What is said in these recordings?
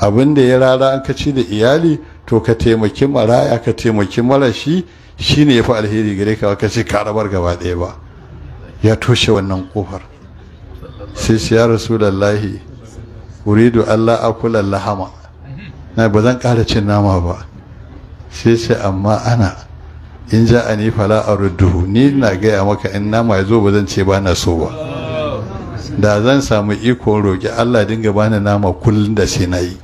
abin da ya rara an ka ci da iyali to ka taimaki maraya ka taimaki mara marashi shine fi alheri gare ka ka ce ka rabar gaba ɗaya ba ya toshe wannan kofar sai shi ya uridu Allah akula lahama na ba zan ƙara cin nama ba sai amma ana in ja ani fala arudduhu ni na gaya maka in nama ya zo ba zan ce ba na so ba da zan samu iko roƙi Allah dinga bani nama kullum da sai na yi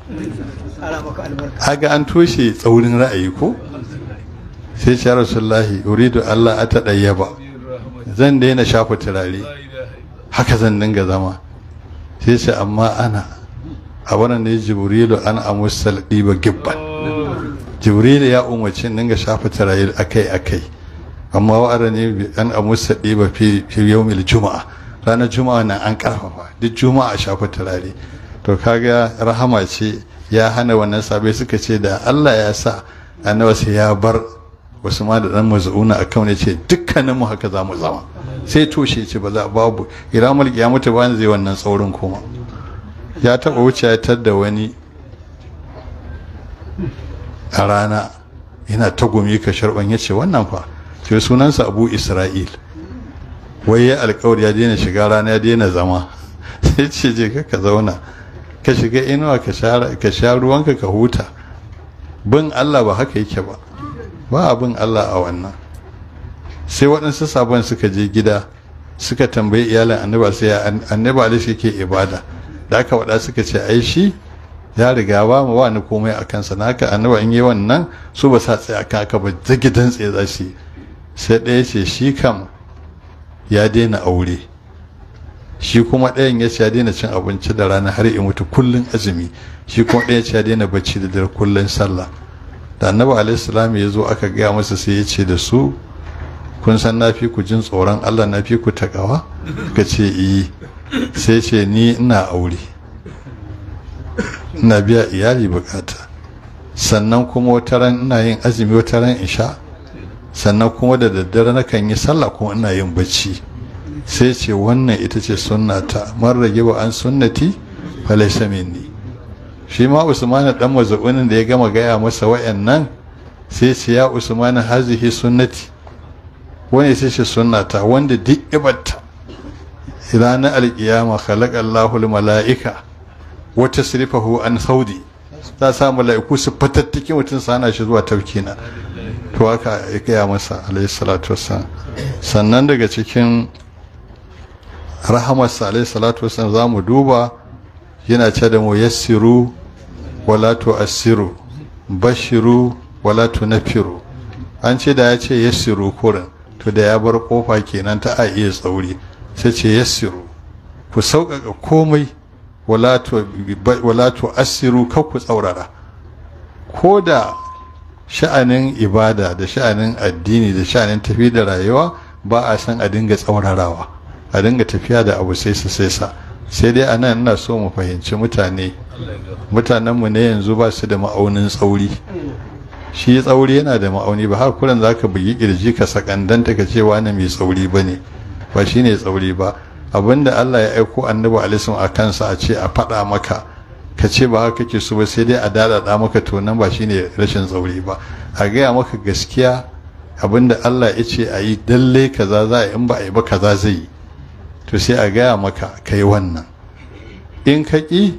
aga an toshe tsaurin ra'ayi ko sai ce rasulullahi uridu Allah a ba zan daina shafa turare haka zan dinga zama sai ce amma ana a wannan ne jibrilu an amusal ɗiba gibban jibrilu ya umarci dinga shafa turare akai akai amma wa'ara ne an amusa ɗiba fi mil juma'a ranar juma'a nan an karfafa duk juma'a shafa turare to kaga rahama ce ya hana wannan sabai suka ce da Allah ya sa annabi ya bar wasu ma da dan mazuuna akan ne ce dukkanin mu haka mu zama sai toshe ce ba za babu iramul mutu ba zai wannan tsaurin kuma ya taba wuce ya da wani a rana yana ta gumi ka sharban ya ce wannan fa ce sunansa Abu Isra'il wai ya alkawari ya daina shiga rana ya daina zama sai ce je ka ka zauna ka shiga inuwa ka sha ruwanka ka huta bin Allah ba haka yake ba ba abin Allah a wannan sai waɗansu sabon suka je gida suka tambayi iyalin annaba sai annaba da shi ke ibada da aka waɗa suka ce ai shi ya riga ba mu ba ni komai a kansa na haka annaba in yi wannan su ba sa tsaye haka ba zagidan tsaye za su yi sai ɗaya ce shi kam ya daina aure shi kuma ɗayan ya ce ya daina cin abinci da rana har ya mutu kullun azumi shi kuma ɗayan ya ce ya daina bacci da dare kullun sallah da annabi alaihi ya zo aka gaya masa sai ya ce da su kun san na fi ku jin tsoron allah na fi ku takawa ka ce iyi eh. sai ce ni ina aure ina biya iyali bukata sannan kuma wata ina yin azumi wata ran in sha sannan kuma da daddare na kan yi sallah kuma ina yin bacci sai ce wannan ita ce sunnata man rage ba an sunnati falaisa minni shi ma usman dan mazubunin da ya gama gaya masa wayannan sai ce ya usman hazihi sunnati wani sai ce sunnata wanda duk ibadta ranar alqiyama khalaqa Allahu mala'ika wa tasrifahu an saudi za sa mala'iku su fatattake mutum sana shi zuwa taukina to haka ya gaya masa alaihi salatu wassalam sannan daga cikin rahamarsa alaihi salatu wassalam za mu duba yana ce da mu yassiru wala asiru bashiru wala nafiru an ce da ya ce yassiru kurin to da ya bar kofa kenan ta a iya tsauri sai ce yassiru ku sauƙaƙa komai wala asiru kar ku tsaurara ko da sha'anin ibada da sha'anin addini da sha'anin tafi da rayuwa ba a san a dinga tsaurarawa a dinga tafiya da abu sai sai sa sai dai anan ina so mu fahimci mutane mutanenmu ne yanzu ba su da ma'aunin tsauri shi tsauri yana da ma'auni ba har kuran zaka bugi kirji ka sakandan ka ce wani mai tsauri bane ba shine tsauri ba abinda Allah ya aiko annabi alaihi a kansa a ce a faɗa maka ka ce ba haka kake so ba sai dai a dadada maka to nan ba shine rashin tsauri ba a gaya maka gaskiya abinda Allah ya ce a yi dalle kaza za a in ba a yi ba kaza zai yi to sai a gaya maka ka yi wannan in ka ƙi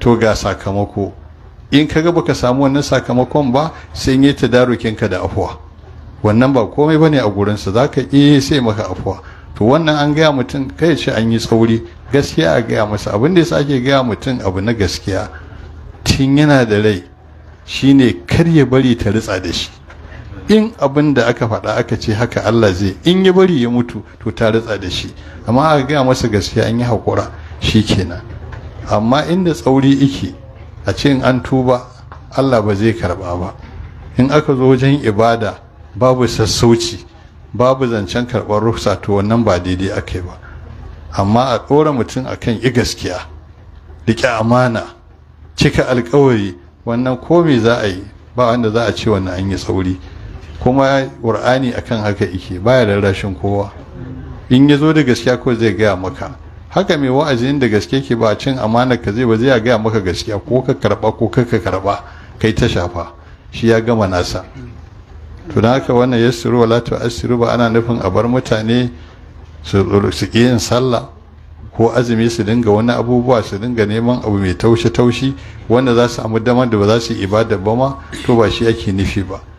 to ga sakamako in ka ga baka samu wannan sakamakon ba sai yi ta darukinka da afuwa wannan ba komai bane a gurinsa za ka iya sai maka afuwa to wannan an gaya mutum kai ce an yi tsauri gaskiya a gaya masa abin da yasa ake gaya mutum abu na gaskiya tun yana da rai shine kar ya bari ta ritsa da shi in abin da aka faɗa aka ce haka Allah zai in ya bari ya mutu to ta ritsa da shi amma aka gaya masa gaskiya an yi haƙura shi kenan amma inda tsauri ike a ce in an tuba Allah ba zai karɓa ba in aka zo wajen ibada babu sassauci babu zancen karɓar rufsa to wannan ba daidai ake ba amma a ɗora mutum a kan yi gaskiya riƙe amana cika alkawari wannan ko me za a yi ba wanda za a ce wannan an yi tsauri kuma ƙur'ani akan haka ike ba ya rarrashin kowa in ya zo da gaskiya ko zai gaya maka haka mai wa'azin da gaske ke ba cin amana ka zai ba zai gaya maka gaskiya ko ka karɓa ko ka karba kai ta shafa shi ya gama nasa to haka wannan yassiru wala ba ana nufin a bar mutane su su yin sallah ko azumi su dinga wani abubuwa su dinga neman abu mai taushe taushi wanda za su amu damar da ba za su yi ibada ba ma to ba shi ake nufi ba